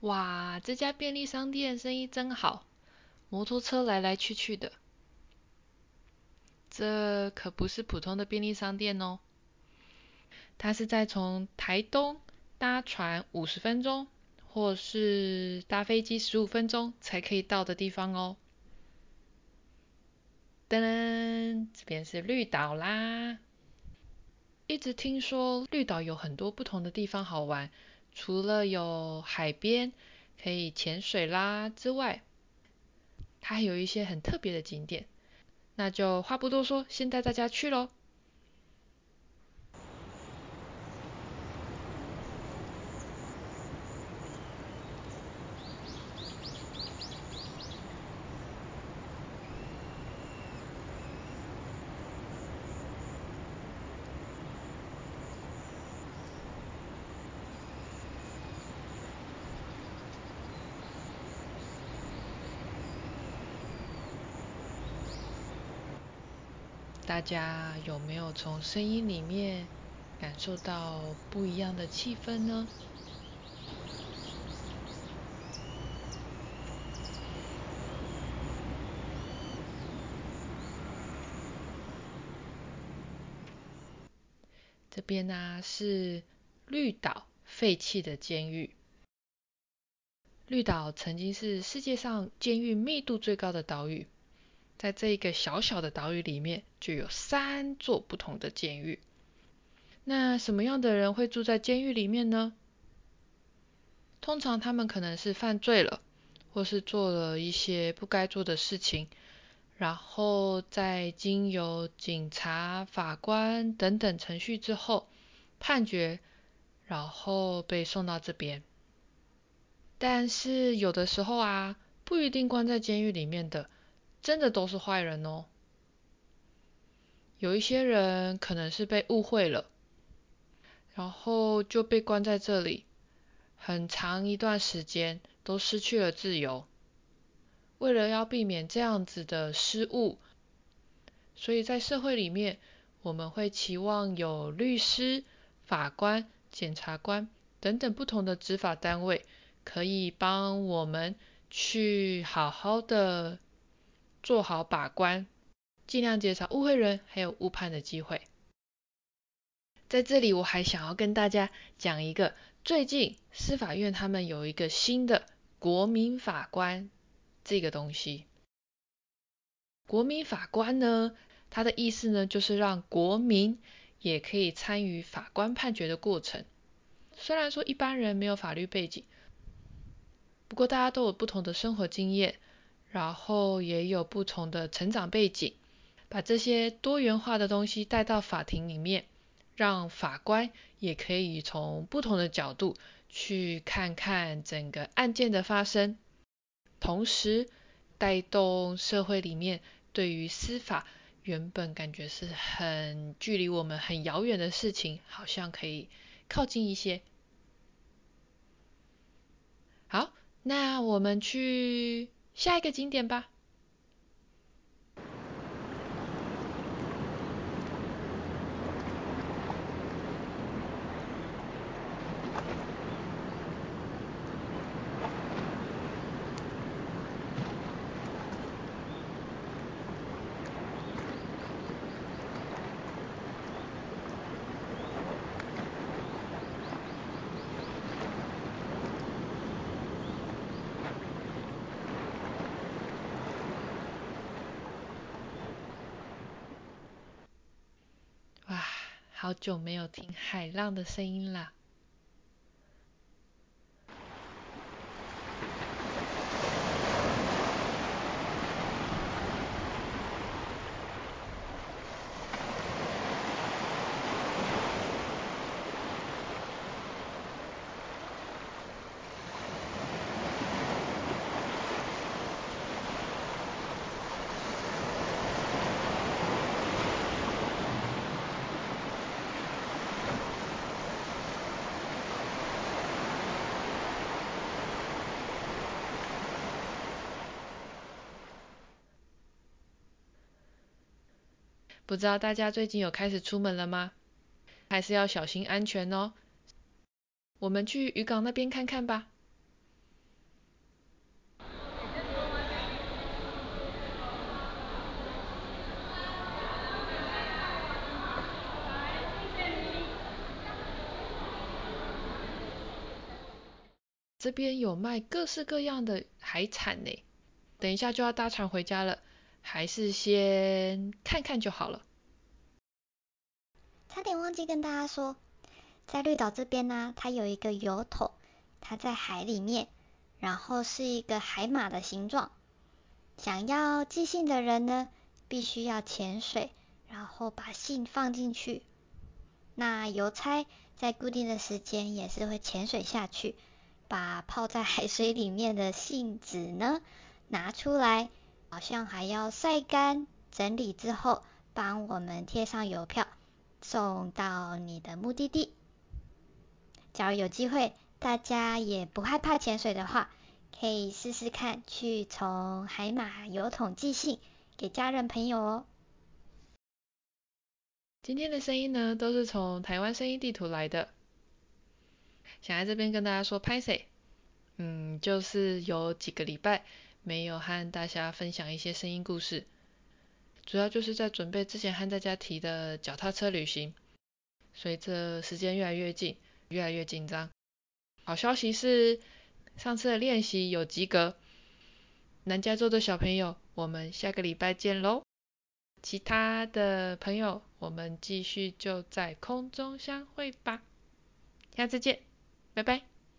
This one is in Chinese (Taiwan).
哇，這家便利商店生意真好，摩托車來來去去的。這可不是普通的便利商店哦，它是在從台東搭船五十分鐘，或是搭飛機十五分鐘才可以到的地方哦。噔噔，這邊是綠島啦。一直聽說綠島有很多不同的地方好玩。除了有海邊可以潛水啦之外，它還有一些很特別的景點。那就話不多說，先帶大家去嘍。大家有沒有從聲音裡面感受到不一樣的氣氛呢？這邊呢，啊，是綠島廢棄的監獄。綠島曾經是世界上監獄密度最高的島嶼。在這一個小小的島嶼裡面，就有三座不同的監獄。那什麼樣的人會住在監獄裡面呢？通常他們可能是犯罪了，或是做了一些不該做的事情，然後在經由警察、法官等等程序之後，判決，然後被送到這邊。但是有的時候啊，不一定關在監獄裡面的。真的都是壞人哦。有一些人可能是被誤會了，然後就被關在這裡，很長一段時間都失去了自由。為了要避免這樣子的失誤，所以在社會裡面，我們會期望有律師、法官、檢察官等等不同的執法單位，可以幫我們去好好的。做好把關，盡量減少誤會人還有誤判的機會。在這裡，我還想要跟大家講一個，最近司法院他們有一個新的國民法官這個東西。國民法官呢，它的意思呢，就是讓國民也可以參與法官判決的過程。雖然說一般人沒有法律背景，不過大家都有不同的生活經驗。然後也有不同的成長背景，把這些多元化的東西帶到法庭裡面，讓法官也可以從不同的角度去看看整個案件的發生，同時帶動社會裡面對於司法原本感覺是很距離我們很遙遠的事情，好像可以靠近一些。好，那我們去下一個景點吧。好久沒有聽海浪的聲音啦。不知道大家最近有開始出門了嗎？還是要小心安全哦。我們去漁港那邊看看吧。這邊有賣各式各樣的海產呢，等一下就要搭船回家了。還是先看看就好了。差點忘記跟大家說，在綠島這邊呢，它有一個郵筒，它在海裡面，然後是一個海馬的形狀。想要寄信的人呢，必須要潛水，然後把信放進去。那郵差在固定的時間也是會潛水下去，把泡在海水裡面的信紙呢拿出來。好像還要曬乾、整理之後，幫我們貼上郵票，送到你的目的地。假如有機會，大家也不害怕潛水的話，可以試試看去從海馬郵筒寄信給家人朋友哦。今天的聲音呢，都是從台灣聲音地圖來的。想來這邊跟大家說，歹勢，嗯，就是有幾個禮拜。沒有和大家分享一些聲音故事，主要就是在準備之前和大家提的腳踏車旅行，隨著時間越來越近，越來越緊張。好消息是上次的練習有及格，南加州的小朋友，我們下個禮拜見嘍！其他的朋友，我們繼續就在空中相會吧，下次見，拜拜！